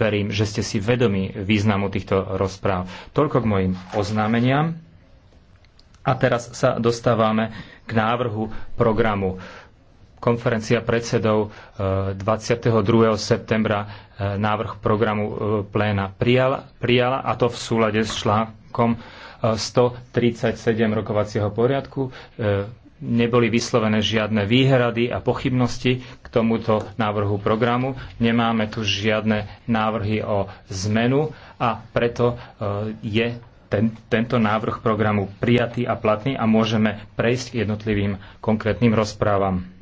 verím, že ste si vedomi významu týchto rozpráv. Toľko k mojim oznámeniam. A teraz sa dostávame k návrhu programu. Konferencia predsedov 22. E, septembra e, návrh programu e, pléna prijala, prijala a to v súlade s článkom 137 rokovacieho poriadku neboli vyslovené žiadne výhrady a pochybnosti k tomuto návrhu programu. Nemáme tu žiadne návrhy o zmenu a preto e, je ten, tento návrh programu prijatý a platný a môžeme prejsť k jednotlivým konkrétnym rozprávam.